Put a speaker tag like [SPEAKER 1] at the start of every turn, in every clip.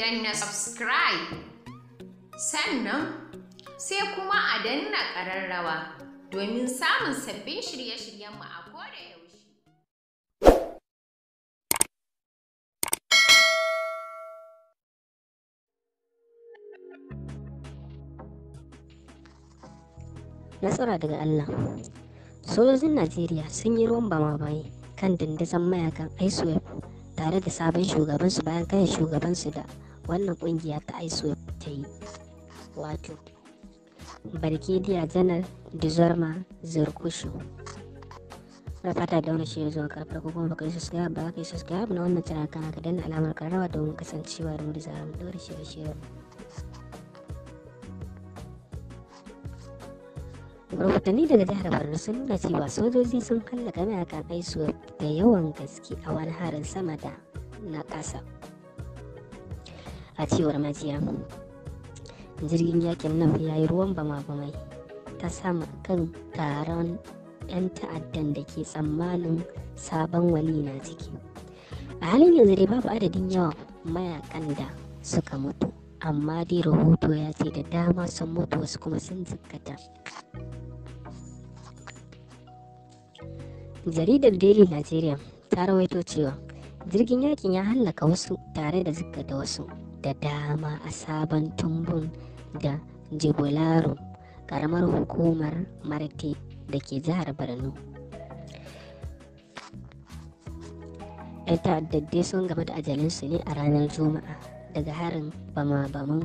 [SPEAKER 1] danna subscribe sannan sai kuma a danna ƙararrawa domin samun sabbin shirye-shiryenmu a koda yaushe. Nasara daga Allah Sojojin Najeriya sun yi ruwan bama baye kan dandazon mayakan ISWAP tare da sabon shugabansu bayan kayan shugabansu da wannan kungiya ta iso ta yi wato barkidiya janar dizorma zirkushu na fata da wani shirin zuwa karfar ko kuma baka yi subscribe ba ka yi subscribe na wannan channel kana ka danna alamar karawa domin kasancewa da mu da wani mu dora shirye rahotanni daga jihar borno sun nuna cewa sojoji sun game hallaka mayakan aisuwa da yawan gaske a wani harin sama da na kasa. a cewar majiya jirgin yakin nan ya yi ruwan bama-bamai ta sama kan taron 'yan ta'addan da ke tsammanin sabon wali na ciki a halin yanzu dai babu adadin yawan mayakan da suka mutu amma dai rahoto ya ce da dama sun mutu wasu kuma sun zikata jaridar daily nigeria ta rawaito cewa jirgin yakin ya hallaka wasu tare da zikata wasu da dama a sabon tumbun da jibularum karamar hukumar marte da ke jihar borno yan ta'addadai sun gaba da ajalinsu ne a ranar juma'a daga harin bama-baman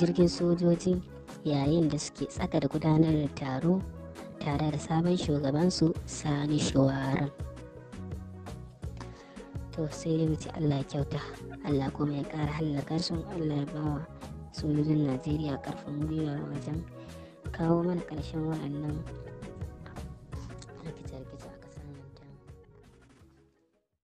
[SPEAKER 1] jirgin sojoji yayin da suke tsaka da gudanar da taro tare da sabon shugabansu sani shawaran to sai dai Allah ya kyauta Allah kuma ya ƙara hallaka su Allah ya bawa sojojin Najeriya ƙarfin gwiwa wajen kawo mana ƙarshen waɗannan